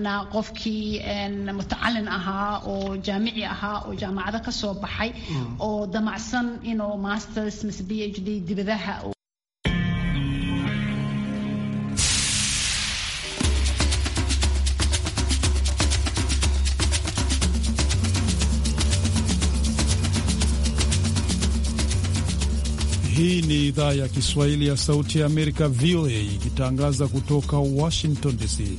madaxna qofkii mutacalin ahaa oo jaamici ahaa oo jaamacado kasoo baxay mm. oo damacsan inuu masters mise b h d dibadaha Hii ni idhaa ya Kiswahili ya Sauti ya Amerika, VOA, ikitangaza kutoka Washington DC.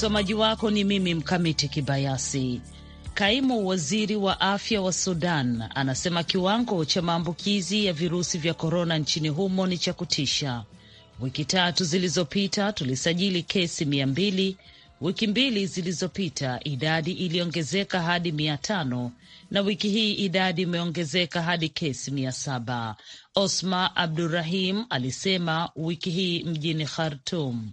Msomaji wako ni mimi Mkamiti Kibayasi. Kaimu waziri wa afya wa Sudan anasema kiwango cha maambukizi ya virusi vya korona nchini humo ni cha kutisha. Wiki tatu zilizopita tulisajili kesi mia mbili. Wiki mbili zilizopita idadi iliongezeka hadi mia tano na wiki hii idadi imeongezeka hadi kesi mia saba. Osma Abdurahim alisema wiki hii mjini Khartum.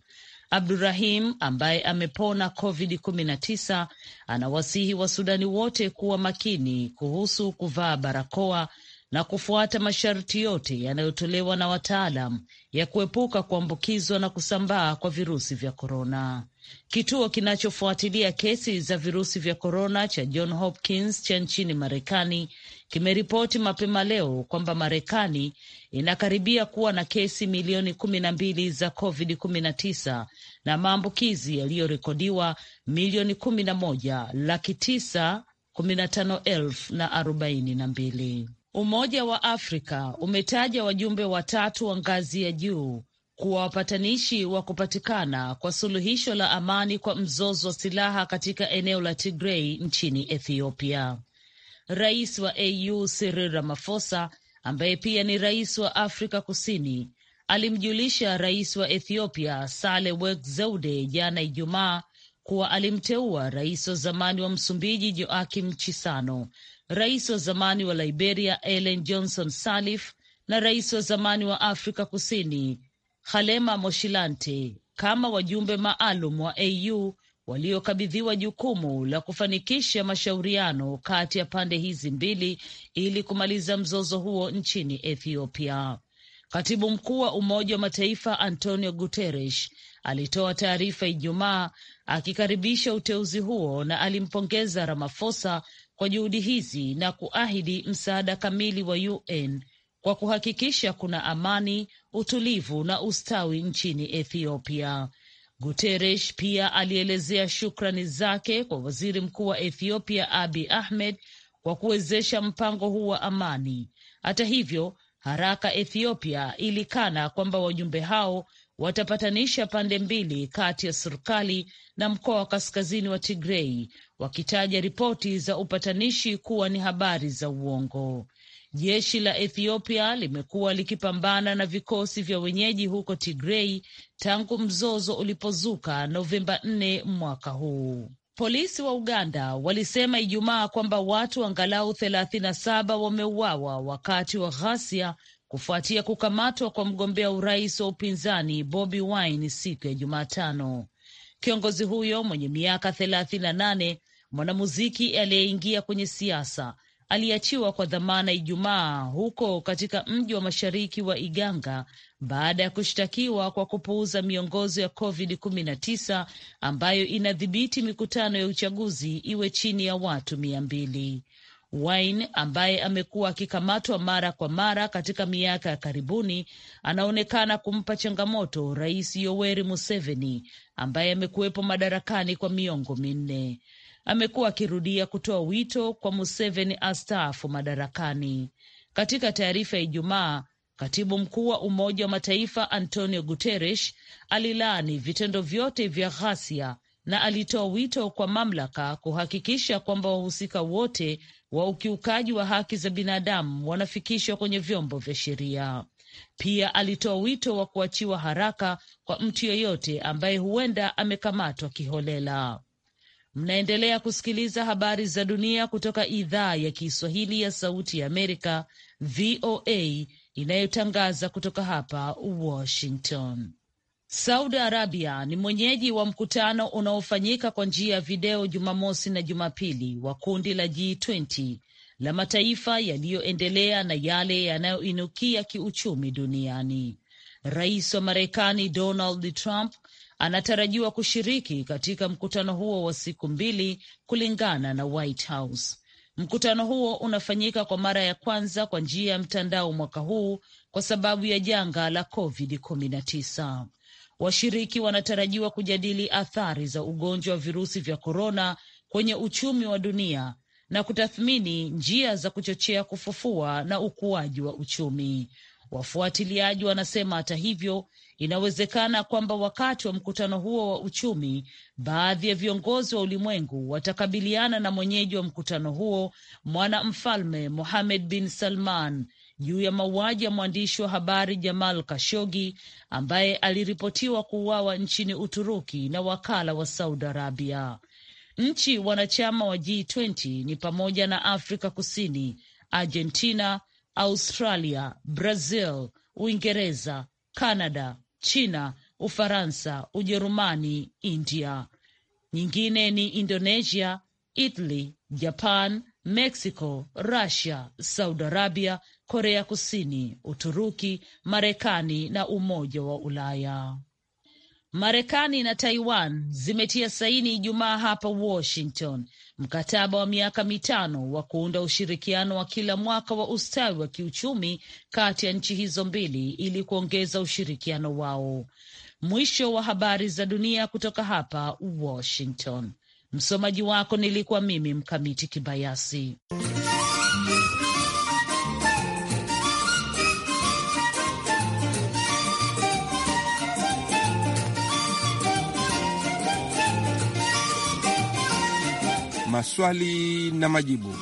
Abdurahim ambaye amepona COVID-19 anawasihi Wasudani wote kuwa makini kuhusu kuvaa barakoa na kufuata masharti yote yanayotolewa na wataalam ya kuepuka kuambukizwa na kusambaa kwa virusi vya korona. Kituo kinachofuatilia kesi za virusi vya korona cha John Hopkins cha nchini Marekani kimeripoti mapema leo kwamba Marekani inakaribia kuwa na kesi milioni kumi na mbili za COVID 19 na maambukizi yaliyorekodiwa milioni kumi na moja laki tisa kumi na tano elfu na arobaini na mbili. Umoja wa Afrika umetaja wajumbe watatu wa ngazi ya juu kuwa wapatanishi wa kupatikana kwa suluhisho la amani kwa mzozo wa silaha katika eneo la Tigrei nchini Ethiopia. Rais wa AU Cyril Ramaphosa, ambaye pia ni rais wa Afrika Kusini, alimjulisha rais wa Ethiopia Sale Wek Zeude jana Ijumaa kuwa alimteua rais wa zamani wa Msumbiji Joaquim Chissano, rais wa zamani wa Liberia Ellen Johnson Sirleaf na rais wa zamani wa Afrika Kusini Kgalema Moshilante kama wajumbe maalum wa AU waliokabidhiwa jukumu la kufanikisha mashauriano kati ya pande hizi mbili ili kumaliza mzozo huo nchini Ethiopia. Katibu mkuu wa Umoja wa Mataifa Antonio Guterres alitoa taarifa Ijumaa akikaribisha uteuzi huo na alimpongeza Ramaphosa kwa juhudi hizi na kuahidi msaada kamili wa UN kwa kuhakikisha kuna amani, utulivu na ustawi nchini Ethiopia. Guterres pia alielezea shukrani zake kwa waziri mkuu wa Ethiopia Abiy Ahmed kwa kuwezesha mpango huu wa amani. Hata hivyo, haraka Ethiopia ilikana kwamba wajumbe hao watapatanisha pande mbili kati ya serikali na mkoa wa kaskazini wa Tigrei, wakitaja ripoti za upatanishi kuwa ni habari za uongo. Jeshi la Ethiopia limekuwa likipambana na vikosi vya wenyeji huko Tigrei tangu mzozo ulipozuka Novemba 4 mwaka huu. Polisi wa Uganda walisema Ijumaa kwamba watu angalau 37 wameuawa wakati wa ghasia kufuatia kukamatwa kwa mgombea urais wa upinzani Bobi Wine siku ya Jumatano. Kiongozi huyo mwenye miaka thelathini na nane, mwanamuziki aliyeingia kwenye siasa, aliachiwa kwa dhamana Ijumaa huko katika mji wa mashariki wa Iganga baada ya kushtakiwa kwa kupuuza miongozo ya COVID-19 ambayo inadhibiti mikutano ya uchaguzi iwe chini ya watu mia mbili. Wine ambaye amekuwa akikamatwa mara kwa mara katika miaka ya karibuni anaonekana kumpa changamoto Rais Yoweri Museveni ambaye amekuwepo madarakani kwa miongo minne. Amekuwa akirudia kutoa wito kwa Museveni astaafu madarakani. Katika taarifa ya Ijumaa, katibu mkuu wa Umoja wa Mataifa Antonio Guterres alilaani vitendo vyote vya ghasia na alitoa wito kwa mamlaka kuhakikisha kwamba wahusika wote wa ukiukaji wa haki za binadamu wanafikishwa kwenye vyombo vya sheria. Pia alitoa wito wa kuachiwa haraka kwa mtu yeyote ambaye huenda amekamatwa kiholela. Mnaendelea kusikiliza habari za dunia kutoka idhaa ya Kiswahili ya Sauti ya Amerika, VOA, inayotangaza kutoka hapa Washington. Saudi Arabia ni mwenyeji wa mkutano unaofanyika kwa njia ya video Jumamosi na Jumapili wa kundi la G20 la mataifa yaliyoendelea na yale yanayoinukia kiuchumi duniani. Rais wa Marekani Donald Trump anatarajiwa kushiriki katika mkutano huo wa siku mbili, kulingana na White House. Mkutano huo unafanyika kwa mara ya kwanza kwa njia ya mtandao mwaka huu kwa sababu ya janga la COVID-19. Washiriki wanatarajiwa kujadili athari za ugonjwa wa virusi vya korona kwenye uchumi wa dunia na kutathmini njia za kuchochea kufufua na ukuaji wa uchumi. Wafuatiliaji wanasema, hata hivyo, Inawezekana kwamba wakati wa mkutano huo wa uchumi, baadhi ya viongozi wa ulimwengu watakabiliana na mwenyeji wa mkutano huo, mwanamfalme Mohammed bin Salman juu ya mauaji ya mwandishi wa habari Jamal Kashogi ambaye aliripotiwa kuuawa nchini Uturuki na wakala wa Saudi Arabia. Nchi wanachama wa G20 ni pamoja na Afrika Kusini, Argentina, Australia, Brazil, Uingereza, Canada, China, Ufaransa, Ujerumani, India. Nyingine ni Indonesia, Italy, Japan, Mexico, Russia, Saudi Arabia, Korea Kusini, Uturuki, Marekani na Umoja wa Ulaya. Marekani na Taiwan zimetia saini Ijumaa hapa Washington mkataba wa miaka mitano wa kuunda ushirikiano wa kila mwaka wa ustawi wa kiuchumi kati ya nchi hizo mbili ili kuongeza ushirikiano wao. Mwisho wa habari za dunia kutoka hapa Washington. Msomaji wako nilikuwa mimi Mkamiti Kibayasi. maswali na majibu.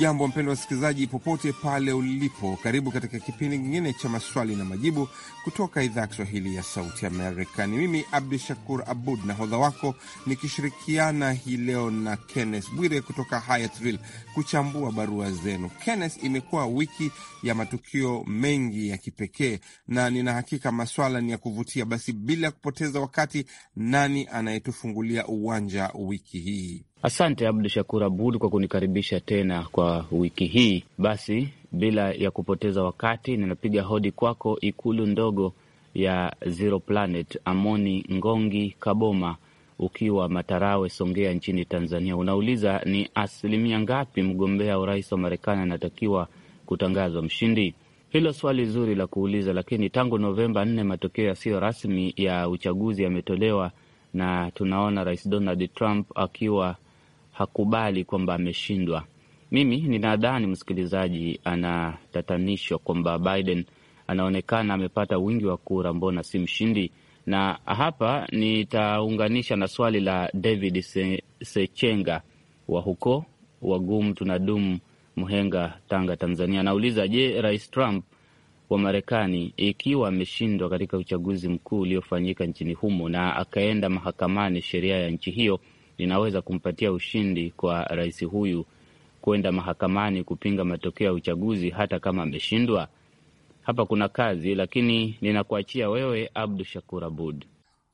Hujambo mpendwa msikilizaji, popote pale ulipo, karibu katika kipindi kingine cha maswali na majibu kutoka idhaa ya Kiswahili ya Sauti Amerika. Ni mimi Abdu Shakur Abud nahodha wako nikishirikiana hii leo na Kennes Bwire kutoka Hayatville kuchambua barua zenu. Kennes, imekuwa wiki ya matukio mengi ya kipekee na nina hakika maswala ni ya kuvutia. Basi bila kupoteza wakati, nani anayetufungulia uwanja wiki hii? Asante Abdu Shakur Abud kwa kunikaribisha tena kwa wiki hii. Basi bila ya kupoteza wakati, ninapiga hodi kwako ikulu ndogo ya Zero Planet, Amoni Ngongi Kaboma, ukiwa Matarawe, Songea nchini Tanzania. Unauliza, ni asilimia ngapi mgombea urais wa Marekani anatakiwa kutangazwa mshindi? Hilo swali zuri la kuuliza, lakini tangu Novemba nne matokeo yasiyo rasmi ya uchaguzi yametolewa na tunaona Rais Donald Trump akiwa hakubali kwamba ameshindwa. Mimi ninadhani msikilizaji anatatanishwa kwamba Biden anaonekana amepata wingi wa kura, mbona si mshindi? Na hapa nitaunganisha na swali la David Se Sechenga wa huko Wagum tunadum Mhenga, Tanga, Tanzania. Anauliza, je, Rais Trump wa Marekani ikiwa ameshindwa katika uchaguzi mkuu uliofanyika nchini humo na akaenda mahakamani, sheria ya nchi hiyo linaweza kumpatia ushindi kwa rais huyu kwenda mahakamani kupinga matokeo ya uchaguzi hata kama ameshindwa? Hapa kuna kazi, lakini ninakuachia wewe Abdu Shakur Abud.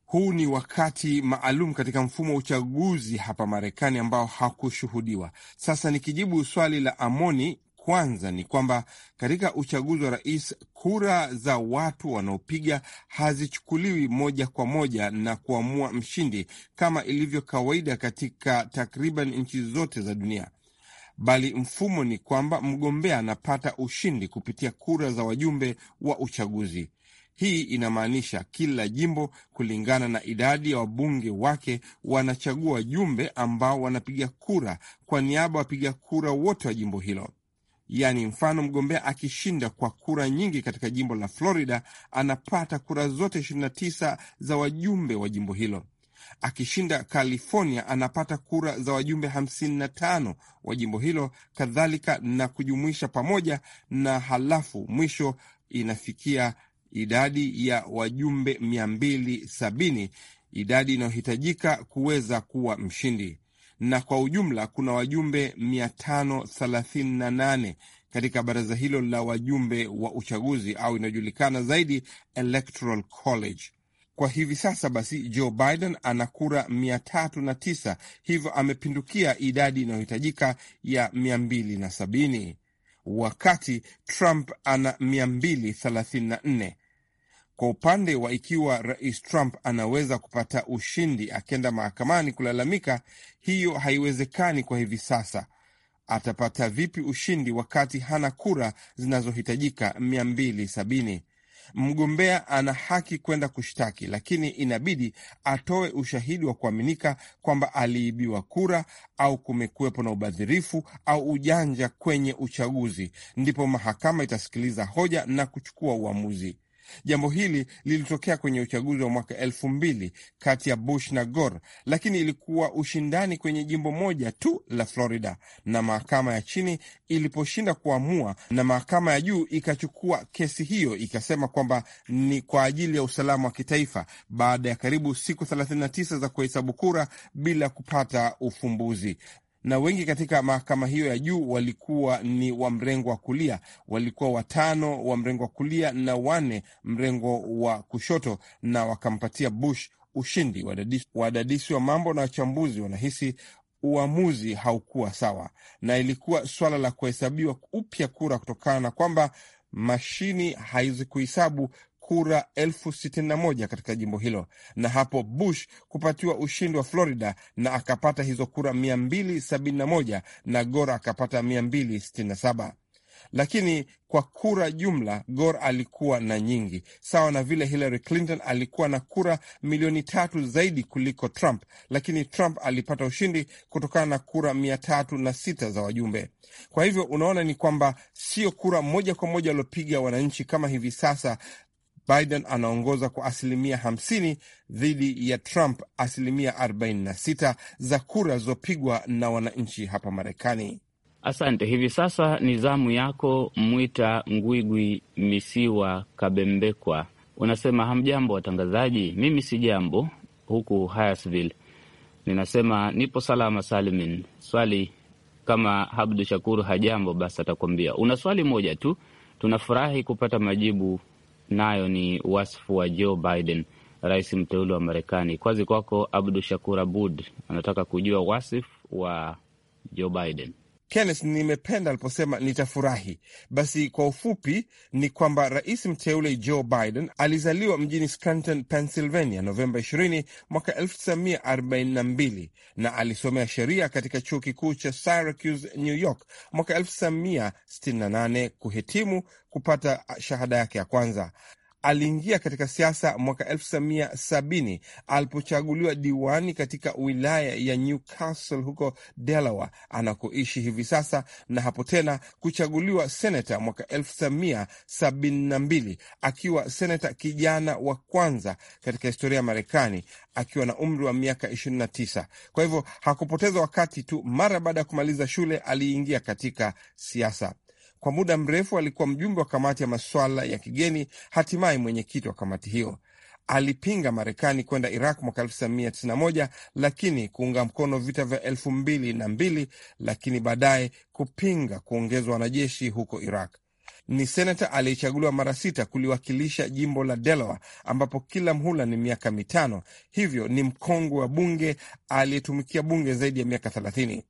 Huu ni wakati maalum katika mfumo wa uchaguzi hapa Marekani ambao hakushuhudiwa. Sasa nikijibu swali la Amoni kwanza ni kwamba katika uchaguzi wa rais, kura za watu wanaopiga hazichukuliwi moja kwa moja na kuamua mshindi kama ilivyo kawaida katika takriban nchi zote za dunia, bali mfumo ni kwamba mgombea anapata ushindi kupitia kura za wajumbe wa uchaguzi. Hii inamaanisha kila jimbo, kulingana na idadi ya wabunge wake, wanachagua wajumbe ambao wanapiga kura kwa niaba ya wapiga kura wote wa jimbo hilo. Yaani, mfano mgombea akishinda kwa kura nyingi katika jimbo la Florida anapata kura zote 29 za wajumbe wa jimbo hilo. Akishinda California anapata kura za wajumbe 55 wa jimbo hilo kadhalika, na kujumuisha pamoja na halafu mwisho inafikia idadi ya wajumbe 270, idadi inayohitajika kuweza kuwa mshindi na kwa ujumla kuna wajumbe 538 katika baraza hilo la wajumbe wa uchaguzi au inayojulikana zaidi Electoral College. Kwa hivi sasa basi, Joe Biden ana kura 309, hivyo amepindukia idadi inayohitajika ya 270, wakati Trump ana 234. Kwa upande wa ikiwa Rais Trump anaweza kupata ushindi akienda mahakamani kulalamika, hiyo haiwezekani kwa hivi sasa. Atapata vipi ushindi wakati hana kura zinazohitajika 270? Mgombea ana haki kwenda kushtaki, lakini inabidi atoe ushahidi wa kuaminika kwamba aliibiwa kura au kumekuwepo na ubadhirifu au ujanja kwenye uchaguzi, ndipo mahakama itasikiliza hoja na kuchukua uamuzi. Jambo hili lilitokea kwenye uchaguzi wa mwaka elfu mbili kati ya Bush na Gore, lakini ilikuwa ushindani kwenye jimbo moja tu la Florida, na mahakama ya chini iliposhinda kuamua, na mahakama ya juu ikachukua kesi hiyo ikasema kwamba ni kwa ajili ya usalama wa kitaifa, baada ya karibu siku 39 za kuhesabu kura bila kupata ufumbuzi na wengi katika mahakama hiyo ya juu walikuwa ni wa mrengo wa kulia, walikuwa watano wa mrengo wa kulia na wane mrengo wa kushoto, na wakampatia Bush ushindi. Wadadisi, wa mambo na wachambuzi wanahisi uamuzi haukuwa sawa na ilikuwa suala la kuhesabiwa upya kura kutokana na kwamba mashini kuhisabu kura elfu sitini na moja katika jimbo hilo, na hapo Bush kupatiwa ushindi wa Florida na akapata hizo kura 271 na Gore akapata 267 lakini kwa kura jumla Gore alikuwa na nyingi sawa na vile Hillary Clinton alikuwa na kura milioni tatu zaidi kuliko Trump, lakini Trump alipata ushindi kutokana na kura mia tatu na sita za wajumbe. Kwa hivyo unaona ni kwamba sio kura moja kwa moja waliopiga wananchi kama hivi sasa Biden anaongoza kwa asilimia 50 dhidi ya Trump, asilimia 46 za kura zilizopigwa na wananchi hapa Marekani. Asante. Hivi sasa ni zamu yako, Mwita Ngwigwi Misiwa Kabembekwa. Unasema hamjambo watangazaji? Mimi si jambo, huku Hyattsville ninasema nipo salama salimin. Swali kama Habdu Shakuru hajambo, basi atakwambia una swali moja tu. Tunafurahi kupata majibu nayo ni wasifu wa Joe Biden, rais mteule wa Marekani. Kwazi kwako Abdu Shakur Abud anataka kujua wasifu wa Joe Biden. Kenneth, nimependa aliposema nitafurahi. Basi kwa ufupi ni kwamba rais mteule Joe Biden alizaliwa mjini Scranton, Pennsylvania Novemba 20 mwaka 1942 na alisomea sheria katika chuo kikuu cha Syracuse, New York mwaka 1968 kuhitimu kupata shahada yake ya kwanza. Aliingia katika siasa mwaka 1970 alipochaguliwa diwani katika wilaya ya Newcastle huko Delaware anakoishi hivi sasa, na hapo tena kuchaguliwa senata mwaka 1972 akiwa senata kijana wa kwanza katika historia ya Marekani akiwa na umri wa miaka 29. Kwa hivyo hakupoteza wakati tu, mara baada ya kumaliza shule aliingia katika siasa. Kwa muda mrefu alikuwa mjumbe wa kamati ya masuala ya kigeni, hatimaye mwenyekiti wa kamati hiyo. Alipinga Marekani kwenda Iraq mwaka 1991 lakini kuunga mkono vita vya elfu na lakini baadaye kupinga kuongezwa wanajeshi huko Iraq. Ni senata aliyechaguliwa mara sita kuliwakilisha jimbo la Delaware, ambapo kila mhula ni miaka mitano. Hivyo ni mkongwe wa bunge aliyetumikia bunge zaidi ya miaka thelathini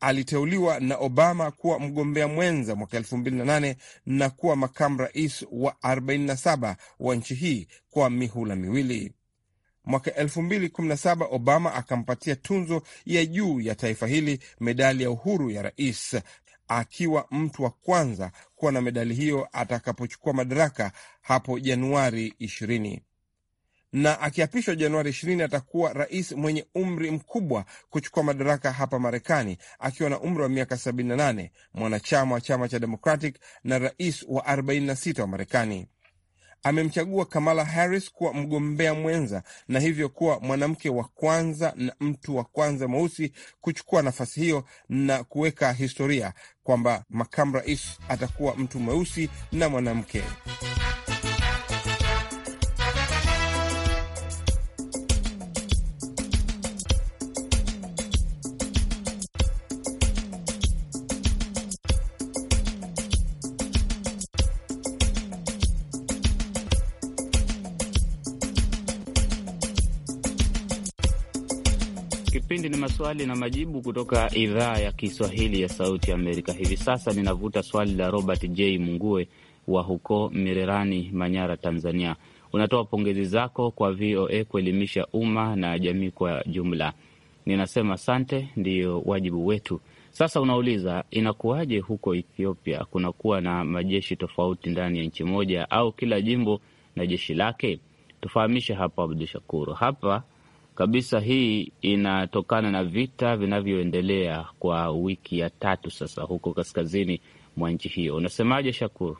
aliteuliwa na Obama kuwa mgombea mwenza mwaka 2008 na kuwa makamu rais wa 47 wa nchi hii kwa mihula miwili. Mwaka 2017 Obama akampatia tunzo ya juu ya taifa hili, medali ya uhuru ya rais, akiwa mtu wa kwanza kuwa na medali hiyo atakapochukua madaraka hapo Januari 20 na akiapishwa Januari 20 atakuwa rais mwenye umri mkubwa kuchukua madaraka hapa Marekani akiwa na umri wa miaka 78, mwanachama wa chama cha Democratic na rais wa 46 wa Marekani. Amemchagua Kamala Harris kuwa mgombea mwenza na hivyo kuwa mwanamke wa kwanza na mtu wa kwanza mweusi kuchukua nafasi hiyo na kuweka historia kwamba makamu rais atakuwa mtu mweusi na mwanamke. swali na majibu kutoka idhaa ya Kiswahili ya Sauti ya Amerika. Hivi sasa ninavuta swali la Robert J Mungue wa huko Mirerani, Manyara, Tanzania. Unatoa pongezi zako kwa VOA kuelimisha umma na jamii kwa jumla. Ninasema sante, ndiyo wajibu wetu. Sasa unauliza inakuwaje huko Ethiopia kunakuwa na majeshi tofauti ndani ya nchi moja, au kila jimbo na jeshi lake? Tufahamishe hapa Abdu shakuru Hapa kabisa. Hii inatokana na vita vinavyoendelea kwa wiki ya tatu sasa huko kaskazini mwa nchi hiyo. Unasemaje Shakuru?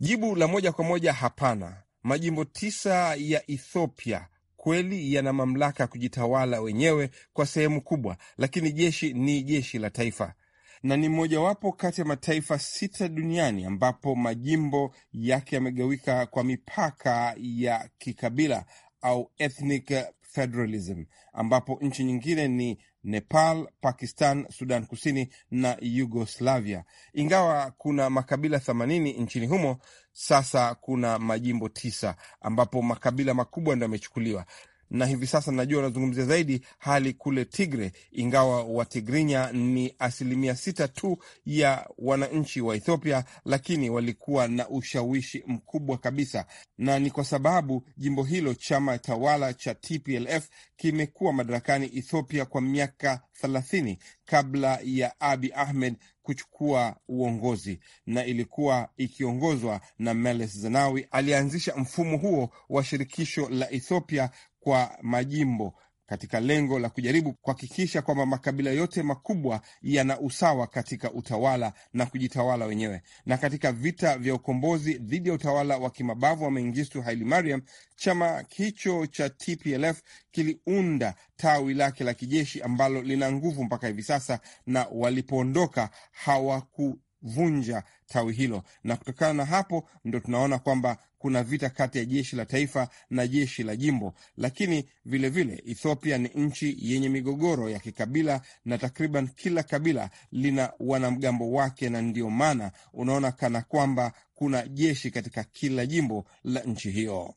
Jibu la moja kwa moja hapana. Majimbo tisa ya Ethiopia kweli yana mamlaka ya kujitawala wenyewe kwa sehemu kubwa, lakini jeshi ni jeshi la taifa na ni mmojawapo kati ya mataifa sita duniani ambapo majimbo yake yamegawika kwa mipaka ya kikabila au ethnic federalism, ambapo nchi nyingine ni Nepal, Pakistan, Sudan Kusini na Yugoslavia. Ingawa kuna makabila themanini nchini humo, sasa kuna majimbo tisa ambapo makabila makubwa ndo yamechukuliwa, na hivi sasa najua unazungumzia zaidi hali kule Tigre, ingawa Watigrinya ni asilimia sita tu ya wananchi wa Ethiopia, lakini walikuwa na ushawishi mkubwa kabisa, na ni kwa sababu jimbo hilo chama tawala cha TPLF kimekuwa madarakani Ethiopia kwa miaka thelathini kabla ya Abi Ahmed kuchukua uongozi na ilikuwa ikiongozwa na Meles Zenawi. Alianzisha mfumo huo wa shirikisho la Ethiopia kwa majimbo katika lengo la kujaribu kuhakikisha kwamba makabila yote makubwa yana usawa katika utawala na kujitawala wenyewe. Na katika vita vya ukombozi dhidi ya utawala wa kimabavu wa Mengistu Haile Mariam, chama hicho cha TPLF kiliunda tawi lake la kijeshi ambalo lina nguvu mpaka hivi sasa, na walipoondoka hawaku vunja tawi hilo na kutokana na hapo ndo tunaona kwamba kuna vita kati ya jeshi la taifa na jeshi la jimbo, lakini vilevile vile, Ethiopia ni nchi yenye migogoro ya kikabila na takriban kila kabila lina wanamgambo wake, na ndiyo maana unaona kana kwamba kuna jeshi katika kila jimbo la nchi hiyo.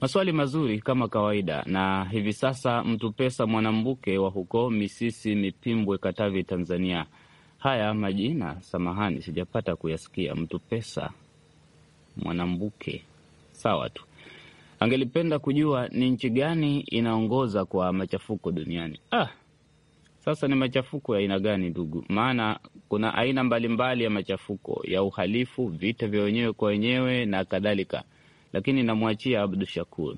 Maswali mazuri kama kawaida. Na hivi sasa mtu pesa Mwanambuke wa huko Misisi, Mipimbwe, Katavi, Tanzania. Haya majina samahani, sijapata kuyasikia. Mtupesa Mwanambuke, sawa tu. Angelipenda kujua ni nchi gani inaongoza kwa machafuko duniani. Ah, sasa ni machafuko ya aina gani ndugu? Maana kuna aina mbalimbali mbali ya machafuko ya uhalifu, vita vya wenyewe kwa wenyewe na kadhalika, lakini namwachia Abdu Shakur.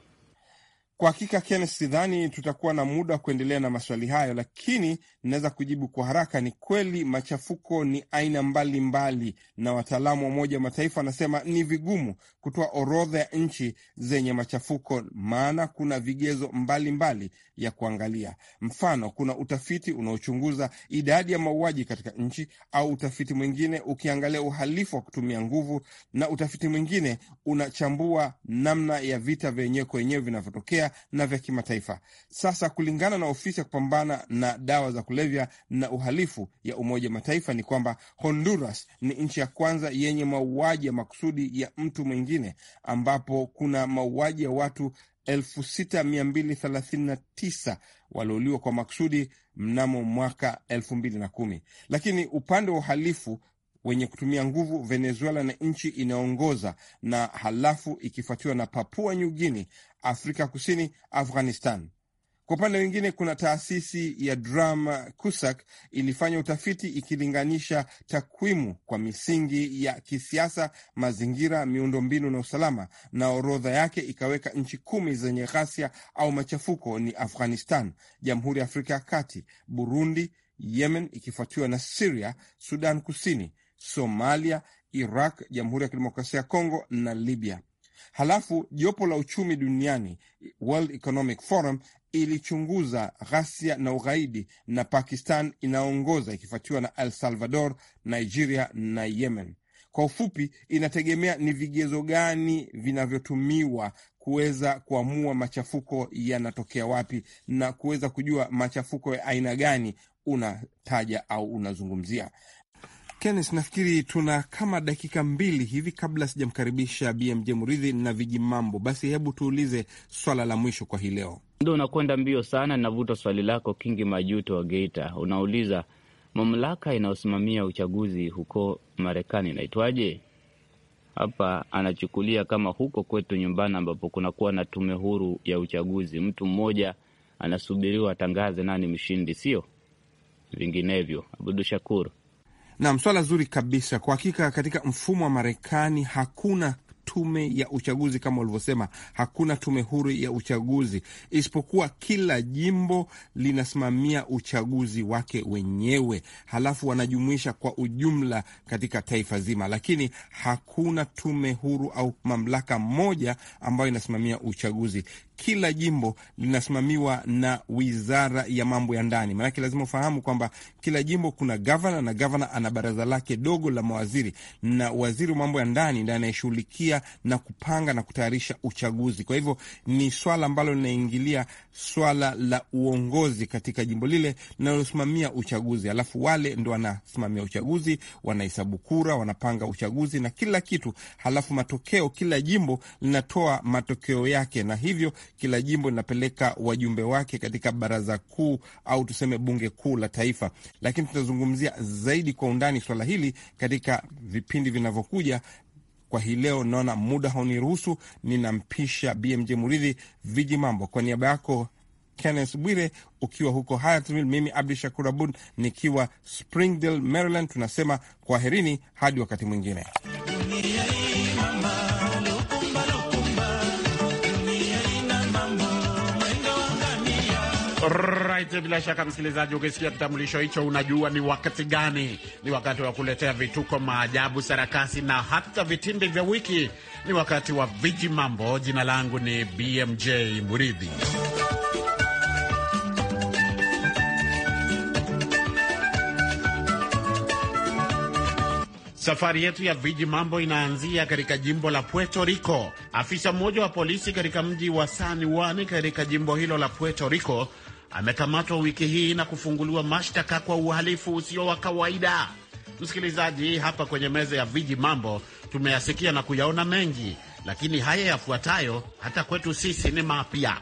Kwa hakika Kenneth, sidhani tutakuwa na muda wa kuendelea na maswali hayo, lakini inaweza kujibu kwa haraka. Ni kweli machafuko ni aina mbalimbali mbali, na wataalamu wa Umoja wa Mataifa wanasema ni vigumu kutoa orodha ya nchi zenye machafuko, maana kuna vigezo mbalimbali mbali ya kuangalia. Mfano, kuna utafiti unaochunguza idadi ya mauaji katika nchi, au utafiti mwingine ukiangalia uhalifu wa kutumia nguvu, na utafiti mwingine unachambua namna ya vita vyenyewe kwa wenyewe vinavyotokea na vya kimataifa. Sasa, kulingana na ofisi ya kupambana na dawa za kulevya na uhalifu ya Umoja Mataifa ni kwamba Honduras ni nchi ya kwanza yenye mauaji ya makusudi ya mtu mwingine ambapo kuna mauaji ya watu 6239 waliouliwa kwa makusudi mnamo mwaka 2010, lakini upande wa uhalifu wenye kutumia nguvu Venezuela na nchi inayoongoza na halafu ikifuatiwa na Papua New Guinea, Afrika Kusini, Afghanistan. Kwa upande mwingine, kuna taasisi ya Drama Kusak ilifanya utafiti ikilinganisha takwimu kwa misingi ya kisiasa, mazingira, miundombinu na usalama, na orodha yake ikaweka nchi kumi zenye ghasia au machafuko ni Afghanistan, Jamhuri ya Afrika ya Kati, Burundi, Yemen ikifuatiwa na Siria, Sudan Kusini, Somalia, Iraq, Jamhuri ya Kidemokrasia ya Kongo na Libya. Halafu jopo la uchumi duniani World Economic Forum ilichunguza ghasia na ugaidi, na Pakistan inaongoza ikifuatiwa na El Salvador, Nigeria na Yemen. Kwa ufupi, inategemea ni vigezo gani vinavyotumiwa kuweza kuamua machafuko yanatokea wapi na kuweza kujua machafuko ya aina gani unataja au unazungumzia. Kenneth, nafikiri tuna kama dakika mbili hivi kabla sijamkaribisha BMJ Muridhi na viji mambo. Basi hebu tuulize swala la mwisho kwa hii leo. Ndo unakwenda mbio sana, navuta swali lako Kingi Majuto wa Geita. Unauliza, mamlaka inayosimamia uchaguzi huko Marekani inaitwaje? Hapa anachukulia kama huko kwetu nyumbani, ambapo kunakuwa na tume huru ya uchaguzi. Mtu mmoja anasubiriwa atangaze nani mshindi, sio vinginevyo. Abudu Shakuru. Nam, swala zuri kabisa kwa hakika. Katika mfumo wa Marekani hakuna tume ya uchaguzi kama walivyosema hakuna tume huru ya uchaguzi, isipokuwa kila jimbo linasimamia uchaguzi wake wenyewe, halafu wanajumuisha kwa ujumla katika taifa zima, lakini hakuna tume huru au mamlaka moja ambayo inasimamia uchaguzi kila jimbo linasimamiwa na wizara ya mambo ya ndani. Maanake lazima ufahamu kwamba kila jimbo kuna gavana na gavana ana baraza lake dogo la mawaziri, na waziri wa mambo ya ndani ndiye anayeshughulikia na kupanga na kutayarisha uchaguzi. Kwa hivyo ni swala ambalo linaingilia swala la uongozi katika jimbo lile linalosimamia uchaguzi, alafu wale ndo wanasimamia uchaguzi, wanahesabu kura, wanapanga uchaguzi na kila kitu, halafu matokeo, kila jimbo linatoa matokeo yake, na hivyo kila jimbo linapeleka wajumbe wake katika baraza kuu au tuseme bunge kuu la taifa, lakini tutazungumzia zaidi kwa undani swala hili katika vipindi vinavyokuja. Kwa hii leo naona muda hauniruhusu, ninampisha BMJ Muridhi viji mambo kwa niaba yako Kenneth Bwire ukiwa huko Hyattsville, mimi Abdu Shakur Abud nikiwa Springdale, Maryland, tunasema kwaherini hadi wakati mwingine. BMJ, bila shaka msikilizaji, ukisikia kitambulisho hicho unajua ni wakati gani. Ni wakati wa kuletea vituko, maajabu, sarakasi na hata vitindi vya wiki. Ni wakati wa viji mambo. Jina langu ni BMJ Muridhi. Safari yetu ya viji mambo inaanzia katika jimbo la Puerto Rico. Afisa mmoja wa polisi katika mji wa San Juan katika jimbo hilo la Puerto Rico amekamatwa wiki hii na kufunguliwa mashtaka kwa uhalifu usio wa kawaida. Msikilizaji, hapa kwenye meza ya viji mambo tumeyasikia na kuyaona mengi, lakini haya yafuatayo hata kwetu sisi ni mapya.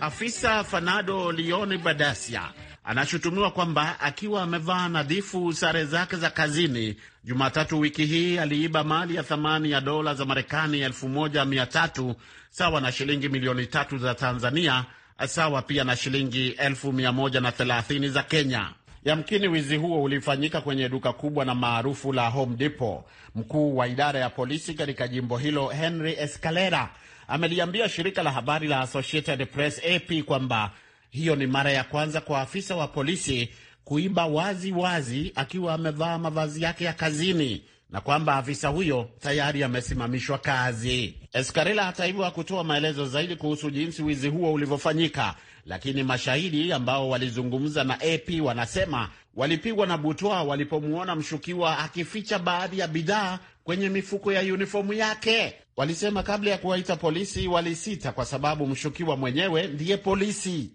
Afisa Fanado Leoni Badasia anashutumiwa kwamba akiwa amevaa nadhifu sare zake za kazini, Jumatatu wiki hii aliiba mali ya thamani ya dola za Marekani elfu moja mia tatu sawa na shilingi milioni tatu za Tanzania sawa pia na shilingi elfu mia moja na thelathini za Kenya. Yamkini wizi huo ulifanyika kwenye duka kubwa na maarufu la Home Depot. Mkuu wa idara ya polisi katika jimbo hilo Henry Escalera ameliambia shirika la habari la Associated Press AP kwamba hiyo ni mara ya kwanza kwa afisa wa polisi kuiba wazi wazi akiwa amevaa mavazi yake ya kazini na kwamba afisa huyo tayari amesimamishwa kazi. Eskarela hata hivyo hakutoa maelezo zaidi kuhusu jinsi wizi huo ulivyofanyika, lakini mashahidi ambao walizungumza na AP wanasema walipigwa na butwa walipomwona mshukiwa akificha baadhi ya bidhaa kwenye mifuko ya yunifomu yake. Walisema kabla ya kuwaita polisi walisita, kwa sababu mshukiwa mwenyewe ndiye polisi.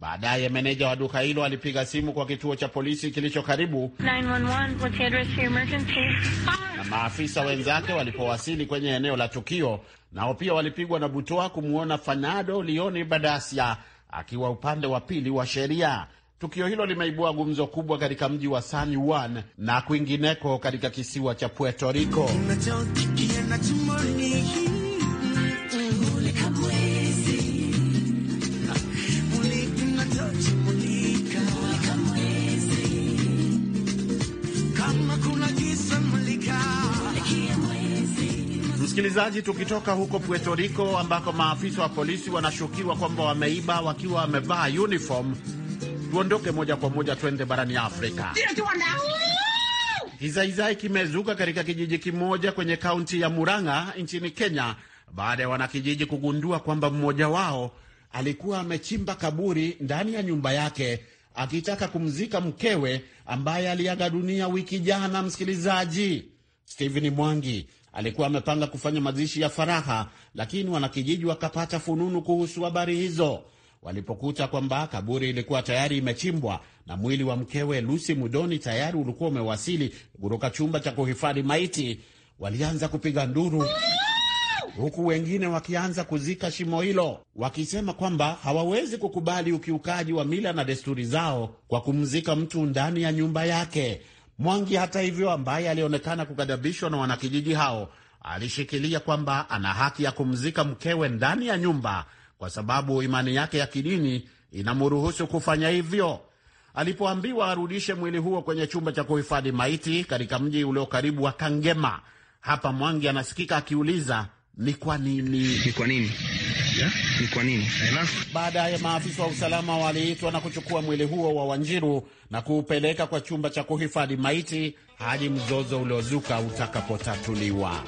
Baadaye meneja wa duka hilo alipiga simu kwa kituo cha polisi kilicho karibu 911, na maafisa wenzake walipowasili kwenye eneo la tukio, nao pia walipigwa na butoa kumwona Fanado lioni Badasia akiwa upande wa pili wa sheria. Tukio hilo limeibua gumzo kubwa katika mji wa San Juan na kwingineko katika kisiwa cha Puerto Rico. Msikilizaji, tukitoka huko Puerto Rico ambako maafisa wa polisi wanashukiwa kwamba wameiba wakiwa wamevaa uniform, tuondoke moja kwa moja twende barani Afrika. Kizaizai kimezuka katika kijiji kimoja kwenye kaunti ya Murang'a nchini Kenya baada ya wanakijiji kugundua kwamba mmoja wao alikuwa amechimba kaburi ndani ya nyumba yake akitaka kumzika mkewe ambaye aliaga dunia wiki jana. Msikilizaji, Stephen Mwangi alikuwa amepanga kufanya mazishi ya faraha, lakini wanakijiji wakapata fununu kuhusu habari hizo walipokuta kwamba kaburi ilikuwa tayari imechimbwa na mwili wa mkewe Lucy Mudoni tayari ulikuwa umewasili kutoka chumba cha kuhifadhi maiti, walianza kupiga nduru huku wengine wakianza kuzika shimo hilo, wakisema kwamba hawawezi kukubali ukiukaji wa mila na desturi zao kwa kumzika mtu ndani ya nyumba yake. Mwangi, hata hivyo, ambaye alionekana kugadhabishwa na wanakijiji hao, alishikilia kwamba ana haki ya kumzika mkewe ndani ya nyumba kwa sababu imani yake ya kidini inamruhusu kufanya hivyo. Alipoambiwa arudishe mwili huo kwenye chumba cha kuhifadhi maiti katika mji ulio karibu wa Kangema, hapa Mwangi anasikika akiuliza ni kwa nini? Ni kwa nini? yeah. Ni kwa nini? Baadaye maafisa wa usalama waliitwa na kuchukua mwili huo wa Wanjiru na kuupeleka kwa chumba cha kuhifadhi maiti hadi mzozo uliozuka utakapotatuliwa.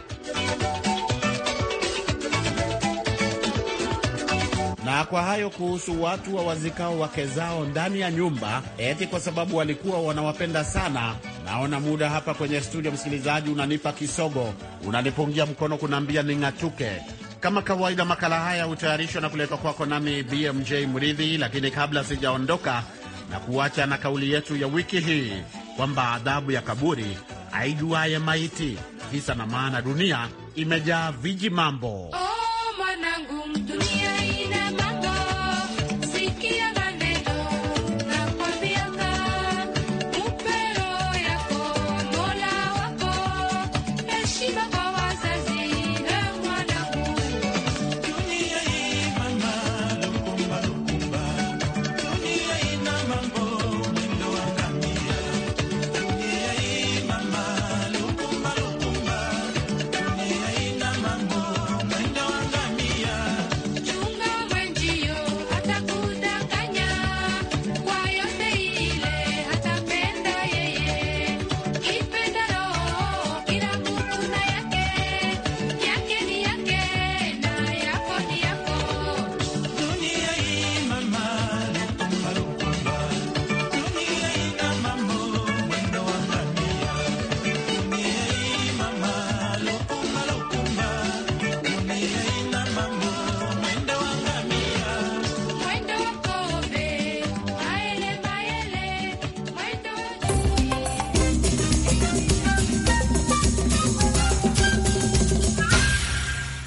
Na kwa hayo kuhusu watu wa wazikao wake zao ndani ya nyumba eti kwa sababu walikuwa wanawapenda sana. Naona muda hapa kwenye studio, msikilizaji, unanipa kisogo, unanipungia mkono, kunaambia ning'atuke. Kama kawaida, makala haya hutayarishwa na kuletwa kwako nami BMJ Mridhi, lakini kabla sijaondoka na kuacha na kauli yetu ya wiki hii kwamba adhabu ya kaburi aijuaye maiti, kisa na maana dunia imejaa viji mambo. Oh,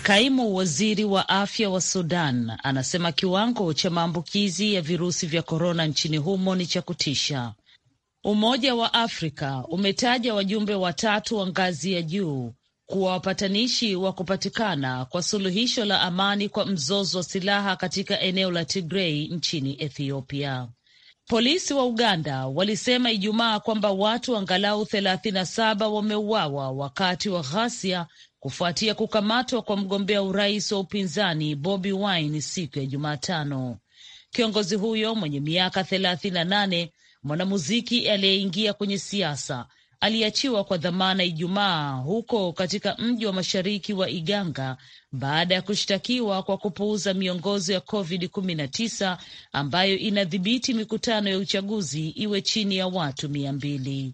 Kaimu waziri wa afya wa Sudan anasema kiwango cha maambukizi ya virusi vya korona nchini humo ni cha kutisha. Umoja wa Afrika umetaja wajumbe watatu wa ngazi ya juu kuwa wapatanishi wa kupatikana kwa suluhisho la amani kwa mzozo wa silaha katika eneo la Tigrei nchini Ethiopia. Polisi wa Uganda walisema Ijumaa kwamba watu angalau 37 wameuawa wakati wa ghasia kufuatia kukamatwa kwa mgombea urais wa upinzani Bobi Wine siku ya Jumatano. Kiongozi huyo mwenye miaka thelathini na nane, mwanamuziki aliyeingia kwenye siasa, aliachiwa kwa dhamana Ijumaa huko katika mji wa mashariki wa Iganga baada ya kushtakiwa kwa kupuuza miongozo ya COVID-19 ambayo inadhibiti mikutano ya uchaguzi iwe chini ya watu mia mbili.